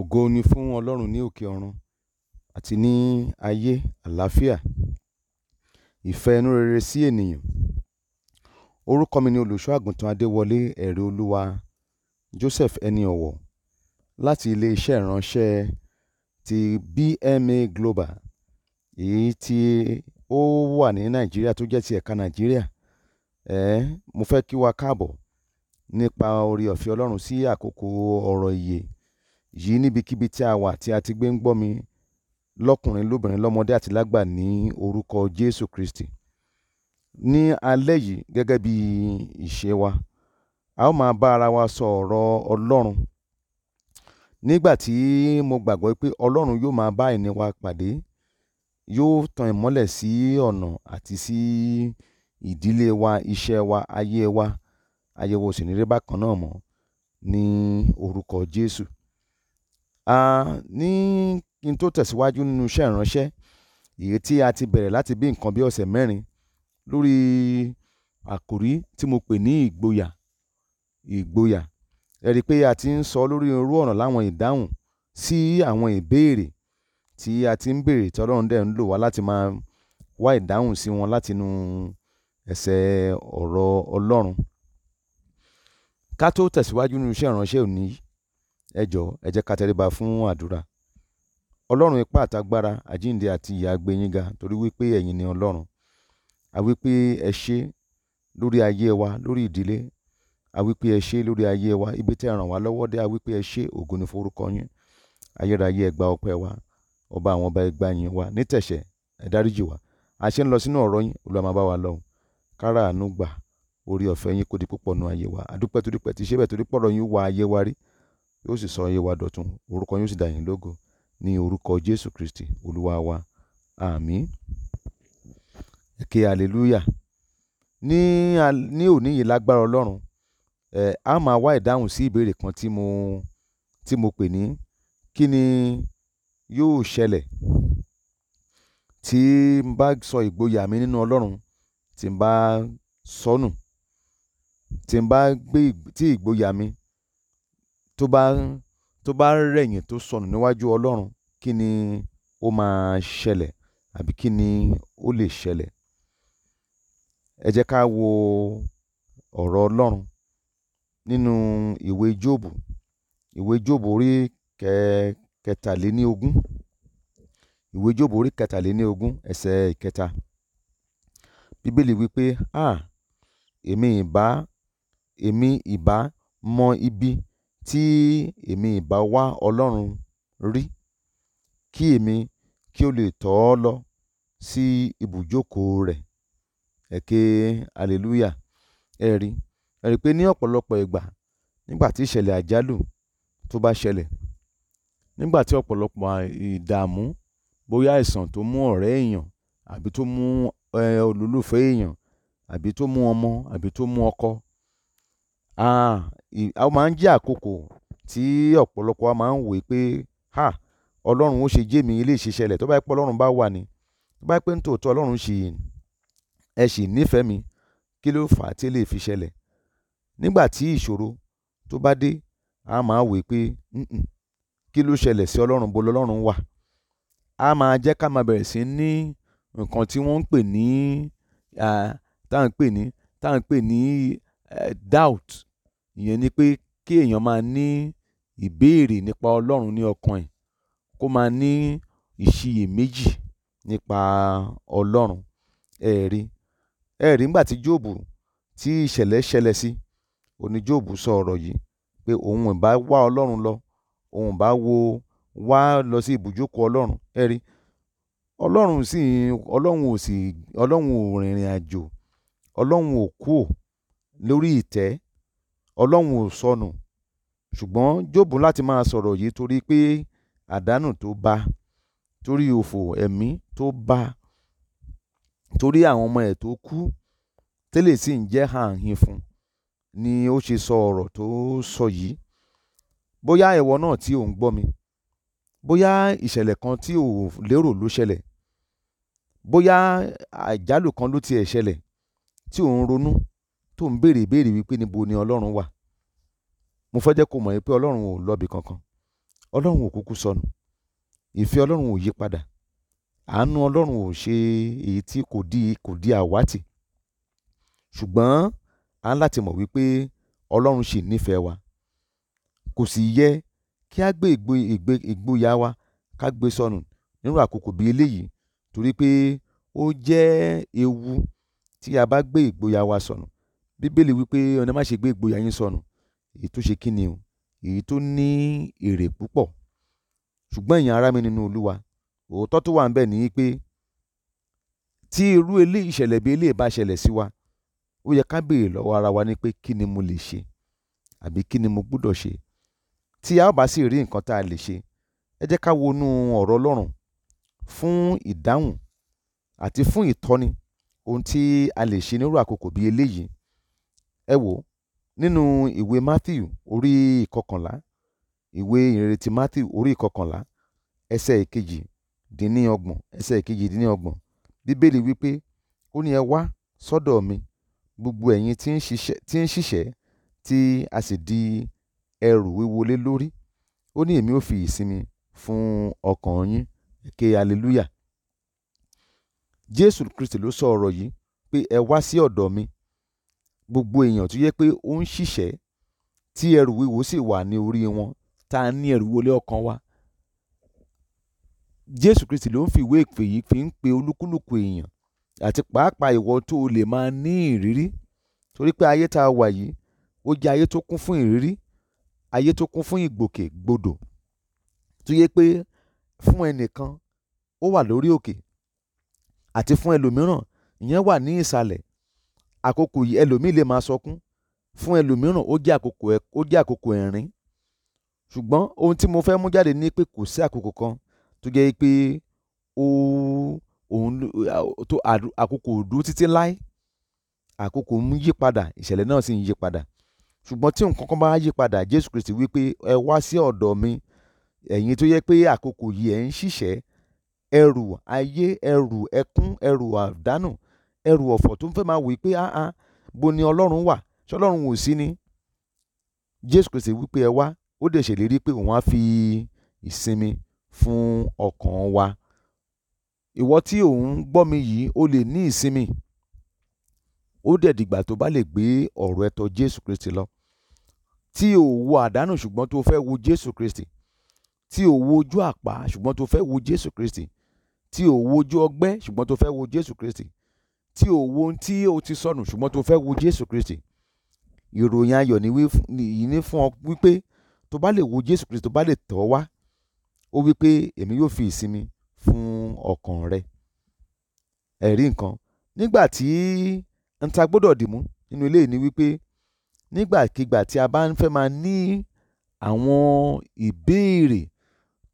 ògo ni fún ọlọ́run ní òkè ọ̀run àti ní ayé àlàáfíà ìfẹ́ inú rere sí ènìyàn orúkọ mi ni olùṣọ́ àgùntàn adéwọlé ẹ̀rí olúwa joseph ẹni ọ̀wọ̀ láti iléeṣẹ́ ìránṣẹ́ ti bma global èyí tí ó wà ní nàìjíríà tó jẹ́ ti ẹ̀ka nàìjíríà ẹ̀ẹ́ mo fẹ́ kí wa káàbọ̀ nípa oore ọ̀fẹ́ ọlọ́run sí àkókò ọ̀rọ̀ ìyè yìí níbikíbi tí a wà tí a ti gbé ń gbọ́ mi lọ́kùnrin lóbìnrin lọ́mọdé àti lágbà ní orúkọ jésù kristi ní alẹ́ yìí gẹ́gẹ́ bí ìṣe wa a ó máa bá ara wa sọ ọ̀rọ̀ ọlọ́run nígbà tí mo gbàgbọ́ pé ọlọ́run yóò máa bá ìní wa pàdé yóò tan ìmọ́lẹ̀ sí ọ̀nà àti sí ìdílé wa iṣẹ́ wa ayé wa ayẹwo sì ní rí bákan náà mọ́ ní orúkọ jésù um ní kí n tó tẹ̀síwájú nínú iṣẹ́ ìránṣẹ́ èyí tí a ti bẹ̀rẹ̀ láti bí nǹkan bí ọ̀sẹ̀ mẹ́rin lórí àkòrí tí mo pè ní ìgboyà ìgboyà ẹ rí i pé a ti ń sọ lórí irú ọ̀nà láwọn ìdáhùn sí àwọn ìbéèrè tí a ti ń béèrè tí ọlọ́run dẹ̀ ń lò wá láti máa wá ìdáhùn sí wọn látinú ẹsẹ̀ ọ̀rọ̀ ọlọ́run ká tó tẹ̀síwájú nínú iṣẹ́ ìránṣẹ́ òní ẹ jọ̀ọ́ ẹ jẹ́ ká tẹríba fún àdúrà. Ọlọ́run ipá àtàgbàra, àjíǹde àti ìyè a gbé torí wípé ẹ̀yin ni Ọlọ́run. A wí pé ẹ ṣé lórí ayé wa, lórí ìdílé. A wí pé ẹ ṣé lórí ayé wa, ibi tí ẹ ràn wá lọ́wọ́ dé. A ẹ ṣé ògo ni fún yín. Ayérayé ẹ gba wa. Ọba àwọn ọba ẹ gba wa. Nítẹ̀sẹ̀, ẹ dáríjì wa. A ṣe ń lọ sínú ọ̀rọ̀ yín, Olúwa máa bá wa lọ. Kárà àánú gbà, oore ọ̀fẹ́ yín kó di púpọ̀ nínú ayé wa. A dúpẹ́ torí bẹ́ẹ̀ torí pé yín wá ayé wa rí yóò sì sọ ayé wa dọ̀tun, orúkọ yín ó sì dà yín lógo. Ní orúkọ Jésù Kristi Olúwa wa. Àmín. Ẹ ké hallelujah. Ní, ní òní yìí lágbára Ọlọ́run, ẹ̀, a máa wá ìdáhùn sí ìbéèrè kan tí mo, tí mo pè ní kí ni yóò ṣẹlẹ̀ tí n bá sọ ìgboyà mi nínú Ọlọ́run, tí n bá sọnù, tí n bá gbé, tí ìgboyà mi tó bá tó bá rẹ̀yìn tó sọnù níwájú ọlọ́run kí ni ó máa ṣẹlẹ̀ àbí kí ni ó lè ṣẹlẹ̀ ẹ jẹ́ ká wo ọ̀rọ̀ ọlọ́run nínú ìwé jóòbù ìwé jóòbù orí kẹtàléníogún ìwé jóòbù orí kẹtàléníogún ẹsẹ̀ ìkẹta bíbélì wípé a èmi ìbá èmi ìbá mọ ibi tí èmi ìbá wá Ọlọ́run rí kí èmi kí ó lè tọ̀ ọ́ lọ sí ibùjókòó rẹ̀. Ẹ̀kẹ́ hallelujah. Ẹ rí, ẹ rí pé ní ọ̀pọ̀lọpọ̀ ìgbà nígbà tí ìṣẹ̀lẹ̀ àjálù tó bá ṣẹlẹ̀, nígbà tí ọ̀pọ̀lọpọ̀ ìdààmú bóyá àìsàn tó mú ọ̀rẹ́ èèyàn àbí tó mú olólùfẹ́ èèyàn àbí tó mú ọmọ àbí tó mú ọkọ um ó máa ń jẹ́ àkókò tí ọ̀pọ̀lọpọ̀ wa máa ń wòó pé háà ọlọ́run ó ṣe jẹ́ mi eléyìí tó bá jẹ́ ọlọ́run bá wà ni tó bá jẹ́ pé nítòótọ́ ọlọ́run ṣì ẹ ṣì nífẹ̀ẹ́ mi kí ló fà á tí eléyìí fi ṣẹlẹ̀ nígbà tí ìṣòro tó bá dé a máa wòó pé húnhùn kí ló ṣẹlẹ̀ sí ọlọ́run bo lọ́lọ́run wà a máa jẹ́ ká máa bẹ̀rẹ̀ sí ní nǹkan tí wọ́n ń pè ní tá ń pè ní tá ń pè ní Eh, doubt ìyẹn ni pé kí èèyàn máa ní ìbéèrè nípa ọlọ́run ní ọkàn ẹ̀ kó máa ní ìṣiyèméjì nípa ọlọ́run ẹ̀rí ẹ̀rí nígbà tí jóòbù tí ìṣẹ̀lẹ̀ ṣẹlẹ̀ sí oní jóòbù sọ ọ̀rọ̀ yìí pé òun ìbá wá ọlọ́run lọ òun ìbá wo wá lọ sí ibùjókòó ọlọ́run ẹ̀rí ọlọ́run sì ọlọ́run ò sì ọlọ́run ò rìnrìn àjò ọlọ́run ò kúò lórí ìtẹ́ ọlọ́run ò sọnù ṣùgbọ́n jóòbù láti máa sọ̀rọ̀ yìí torí pé àdánù tó bá torí òfò ẹ̀mí tó bá torí àwọn ọmọ ẹ̀ tó kú tẹ́lẹ̀ sì ń jẹ́ ààhìn fún ni ó ṣe sọ ọ̀rọ̀ tó sọ yìí bóyá ẹ̀wọ̀ náà tí ò ń gbọ́ mi bóyá ìṣẹ̀lẹ̀ kan tí ò lérò ló ṣẹlẹ̀ bóyá àjálù kan ló tiẹ̀ ṣẹlẹ̀ tí ò ń ronú tó ń béèrè ìbéèrè wípé níbo ni ọlọ́run wà mo fẹ́ jẹ́ kó mọ̀ pé ọlọ́run ò lọ́bi kankan ọlọ́run ò kúkú sọnù ìfẹ́ ọlọ́run ò yí padà àánú ọlọ́run ò ṣe èyí tí kò di kò di àwátì ṣùgbọ́n a ń láti mọ̀ wípé ọlọ́run ṣì nífẹ̀ẹ́ wa kò sì yẹ kí a gbé ìgboyà wa ká gbé sọnù nínú àkókò bíi eléyìí torí pé ó jẹ́ ewu tí a bá gbé ìgboyà wa sọnù bíbélì wípé ọ̀nà má ṣe gbé ìgboyà yín sọnù èyí tó ṣe kíni o èyí tó ní èrè púpọ̀ ṣùgbọ́n ẹ̀yin ará mi nínú olúwa òótọ́ tó wà ń bẹ nìyí pé tí irú ilé ìṣẹ̀lẹ̀ bí ilé ìbá ṣẹlẹ̀ sí wa ó yẹ ká béèrè lọ́wọ́ ara wa ní pé kí ni mo lè ṣe àbí kí ni mo gbúdọ̀ ṣe tí a ó bá sì rí nǹkan tá a lè ṣe ẹ jẹ́ ká wọnú ọ̀rọ̀ ọlọ́run fún ìdáhùn àti fún ìtọ́ni ohun tí a lè ṣe nírú àkókò bí eléyìí ẹ wò ó nínú ìwé matthew orí ìkọkànlá ìwé ìrètí matthew orí ìkọkànlá ẹsẹ̀ ìkejì dín ní ọgbọ̀n ẹsẹ̀ ìkejì dín ní ọgbọ̀n bíbélì wípé ó ní ẹ wá sọ́dọ̀ mi gbogbo ẹ̀yin tí ń ṣiṣẹ́ tí a sì di ẹrù wíwo lé lórí ó ní èmi ó fi ìsinmi fún ọkàn yín ké hallelujah jésù kristi ló sọ ọ̀rọ̀ yìí pé ẹ wá sí ọ̀dọ̀ mi gbogbo èèyàn tó yẹ pé ó ń ṣiṣẹ́ tí ẹrù wíwo sì wà ní orí wọn tá a ní ẹrù wíwo lé ọkàn wa jésù kristi ló ń fi ìwé ìpè yìí fi ń pe olúkúlùkù èèyàn àti pàápàá ìwọ tó o lè máa ní ìrírí torí pé ayé tá a wà yìí ó jẹ́ ayé tó kún fún ìrírí ayé tó kún fún ìgbòkègbodò tó yẹ pé fún ẹnìkan ó wà lórí òkè àti fún ẹlòmíràn ìyẹn wà ní ìsàlẹ̀ àkókò yìí ẹlòmíì lè máa sọkún fún ẹlòmíràn ó jẹ́ àkókò ẹ̀ ó jẹ́ àkókò ẹ̀rín ṣùgbọ́n ohun tí mo fẹ́ mú jáde ní pé kò sí àkókò kan tó jẹ́ pé ó òun tó àkókò òdu títí láé àkókò ń yí padà ìṣẹ̀lẹ̀ náà sì ń yí padà ṣùgbọ́n tí nǹkan kan bá yí padà Jésù Kristi wípé ẹ wá sí ọ̀dọ̀ mi ẹ̀yin tó yẹ pé àkókò yìí ẹ̀ ń ṣiṣẹ́ ẹrù ayé ẹrù ẹkún ẹrù àdánù ẹrù ọ̀fọ̀ tó ń fẹ́ máa wí pé áá bo ni ọlọ́run wà ṣé ọlọ́run ò sí ni jésù kìí ṣe wípé ẹ wá ó dẹ̀ ṣèlérí pé òun á fi ìsinmi fún ọkàn wa ìwọ tí òun gbọ́ mi yìí ó lè ní ìsinmi ó dẹ̀ dìgbà tó bá lè gbé ọ̀rọ̀ ẹ̀tọ́ jésù kristi lọ tí ò wo àdánù ṣùgbọ́n tó fẹ́ wo jésù kristi tí ò wo ojú àpá ṣùgbọ́n tó fẹ́ wo jésù kristi tí ò wo ojú ọgbẹ́ ṣùgbọ́n tó fẹ́ wo jésù kristi tí ò wo ohun tí o ti sọnù ṣùgbọ́n tó fẹ́ wo Jésù Kristi ìròyìn ayọ̀ yìí ní fún ọ wípé tó bá lè wo Jésù Kristi tó bá lè tọ̀ wá ó wípé èmi yóò fi ìsinmi fún ọkàn rẹ ẹ̀rí nǹkan nígbà tí n ta gbọ́dọ̀ dìmú nínú ilé ni wípé nígbàkigbà tí a bá ń fẹ́ máa ní àwọn ìbéèrè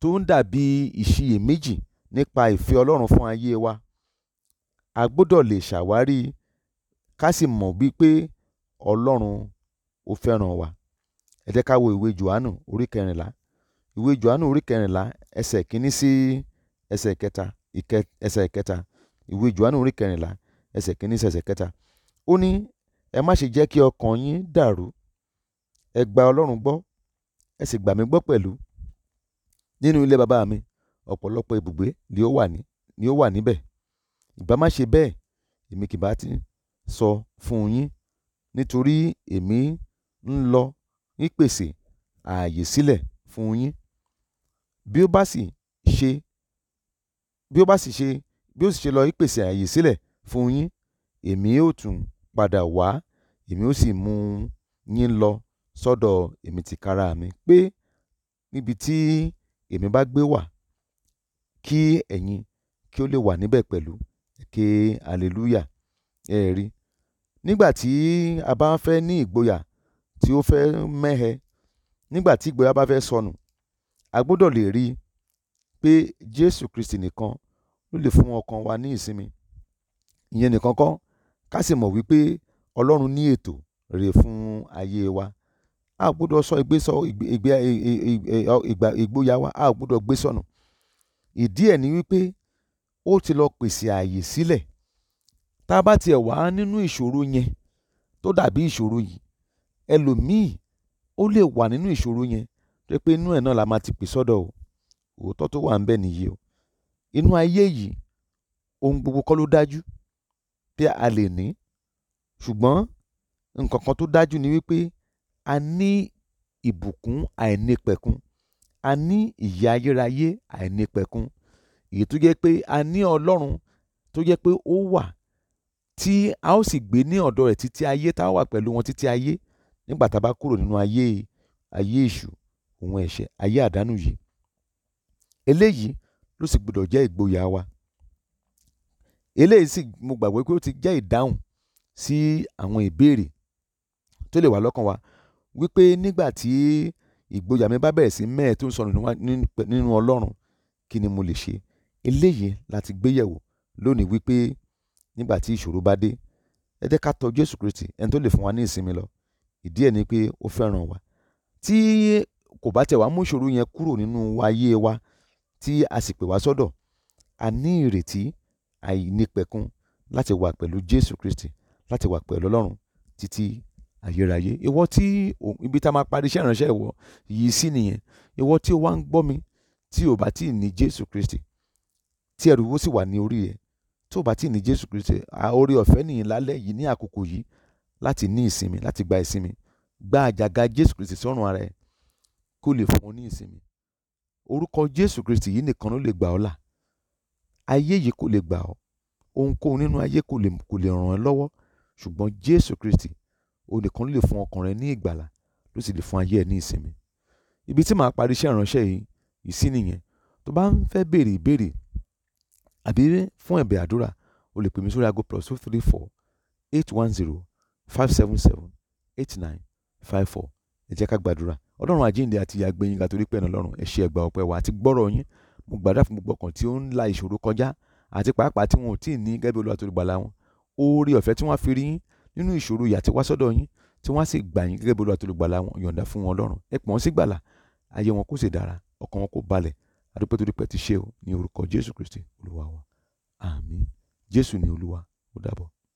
tó ń dàbí ìṣiyèméjì nípa ìfẹ́ Ọlọ́run fún ayé wa a gbọ́dọ̀ lè ṣàwárí ká sì mọ̀ wípé ọlọ́run ó fẹ́ràn wa ẹ jẹ́ ká wo ìwé johannu orí kẹrìnlá ìwé johannu orí kẹrìnlá ẹsẹ̀ kínní sí ẹsẹ̀ kẹta ẹsẹ̀ kẹta ìwé johannu orí kẹrìnlá ẹsẹ̀ kínní sí ẹsẹ̀ kẹta ó ní ẹ má ṣe jẹ́ kí ọkàn yín dàrú ẹ gba ọlọ́run gbọ́ ẹ sì gbà mí gbọ́ pẹ̀lú nínú ilé bàbá mi ọ̀pọ̀lọpọ̀ ibùgbé ni ó wà níbẹ̀ Ìbá má ṣe bẹ́ẹ̀, èmi kì bá ti sọ fún yín, nítorí èmi ń lọ ń pèsè ààyè sílẹ̀ fún yín. Bí ó bá sì ṣe, bí ó bá sì ṣe, bí ó sì ṣe lọ ń pèsè ààyè sílẹ̀ fún yín, èmi ó tún padà wá, èmi ó sì mú yín lọ sọ́dọ̀ èmi tìkára mi pé níbi tí èmi bá gbé wà, kí ẹ̀yin kí ó lè wà níbẹ̀ pẹ̀lú ké hallelujah. Ẹ rí. Nígbà tí a bá fẹ́ ní ìgboyà tí ó fẹ́ mẹ́hẹ, nígbà tí ìgboyà bá fẹ́ sọnù, a gbọ́dọ̀ lè rí i pé Jésù Kristi nìkan ló lè fún ọkàn wa ní ìsinmi. Ìyẹn nìkan kọ́, ká sì mọ̀ wípé Ọlọ́run ní ètò rere fún ayé wa. A gbọ́dọ̀ sọ ìgbésọ ìgboyà wa, a gbọ́dọ̀ gbé sọnù. Ìdí ẹ̀ ni wípé ó ti lọ pèsè ààyè sílẹ̀ tá a bá tiẹ̀ wà nínú ìṣòro yẹn tó dàbí ìṣòro yìí ẹlòmíì ó lè wà nínú ìṣòro yẹn tó pé inú ẹ̀ náà la máa ti pè sọ́dọ̀ o òótọ́ tó wà ń bẹ nìyí o inú ayé yìí ohun gbogbo kọ́ ló dájú bí a lè ní ṣùgbọ́n nǹkan kan tó dájú ni wípé a ní ìbùkún àìnípẹ̀kun a ní ìyà ayérayé àìnípẹ̀kun èyí tó jẹ́ pé a ní ọlọ́run tó jẹ́ pé ó wà tí a ó sì gbé ní ọ̀dọ̀ rẹ̀ títí ayé tá a wà pẹ̀lú wọn títí ayé nígbà tá a bá kúrò nínú ayé ayé èṣù òun ẹ̀ṣẹ̀ ayé àdánù yìí eléyìí ló sì gbọdọ̀ jẹ́ ìgboyà wa eléyìí sì mo gbàgbọ́ pé ó ti jẹ́ ìdáhùn sí àwọn ìbéèrè tó lè wà lọ́kàn wa wípé nígbà tí ìgboyà mi bá bẹ̀rẹ̀ sí mẹ́ẹ̀ tó ń sọnù nínú ọlọ́run kí ni mo lè ṣe eléyìí la ti gbé yẹ̀wò lónìí wípé nígbà tí ìṣòro bá dé ẹ jẹ́ ká tọ Jésù Kristi ẹni tó lè fún wa ní ìsinmi lọ ìdí ẹ̀ ni pé ó fẹ́ràn wa tí kò bá tẹ̀ wá mú ìṣòro yẹn kúrò nínú ayé wa tí a sì pè wá sọ́dọ̀ a ní ìrètí àìnípẹ̀kun láti wà pẹ̀lú Jésù Kristi láti wà pẹ̀lú Ọlọ́run títí ayérayé ìwọ tí ibi tá a máa parí iṣẹ́ ìránṣẹ́ ìwọ yìí sí nìyẹn ìwọ tí o wá ń gbọ́ mi tí o bá tí ì ní Jésù Kristi tí ẹrù wo sì wà ní orí ẹ tó o bá tí ì ní jésù kristi oore ọ̀fẹ́ nìyí lálẹ́ yìí ní àkókò yìí láti ní ìsinmi láti gba ìsinmi gba àjàgà jésù kristi sọ́rùn ara ẹ kó lè fún ọ ní ìsinmi orúkọ jésù kristi yìí nìkan ló lè gbà ọ́ là ayé yìí kò lè gbà ọ́ ohunkóhun nínú ayé kò lè kò lè ràn ẹ́ lọ́wọ́ ṣùgbọ́n jésù kristi òun ló lè fún ọkàn rẹ ní ìgbàlà ló sì lè fún ayé ẹ ní ìsinmi ibi tí màá parí iṣẹ́ ìránṣẹ́ yìí ìsí nìyẹn tó bá ń fẹ́ béèrè ìbéèrè àbí fún ẹ̀bẹ̀ àdúrà o lè pè mí sórí aago plus two three four eight one zero five seven seven eight nine five four ẹ jẹ́ ká gbàdúrà ọlọ́run àjíǹde àti ìyá gbẹ̀yìn ga torí pé ẹ̀nà ọlọ́run ẹ ṣe ẹgbà ọpẹ́ wa àti gbọ́rọ̀ yín mo gbàdúrà fún gbogbo ọkàn tí ó ń la ìṣòro kọjá àti pàápàá tí wọn ò tí ì ní gẹ́gẹ́ bí olúwa torí gbàlà wọn oore ọ̀fẹ́ tí wọ́n fi rí yín nínú ìṣòro ìyà tí wá sọ́dọ̀ yín tí wọ́n sì gbà yín gẹ́gẹ́ bí olúwa torí gbàlà wọn yọ̀ǹda fún wọn ọlọ́run ẹ pọ̀n sí gbàlà ayé wọn kó sì dára ọkàn wọn kó balẹ̀ adúpẹ́ torí pé ti ṣe o ní orúkọ Jésù Kristi Olúwa wa àmín Jésù ni Olúwa ó dàbọ̀.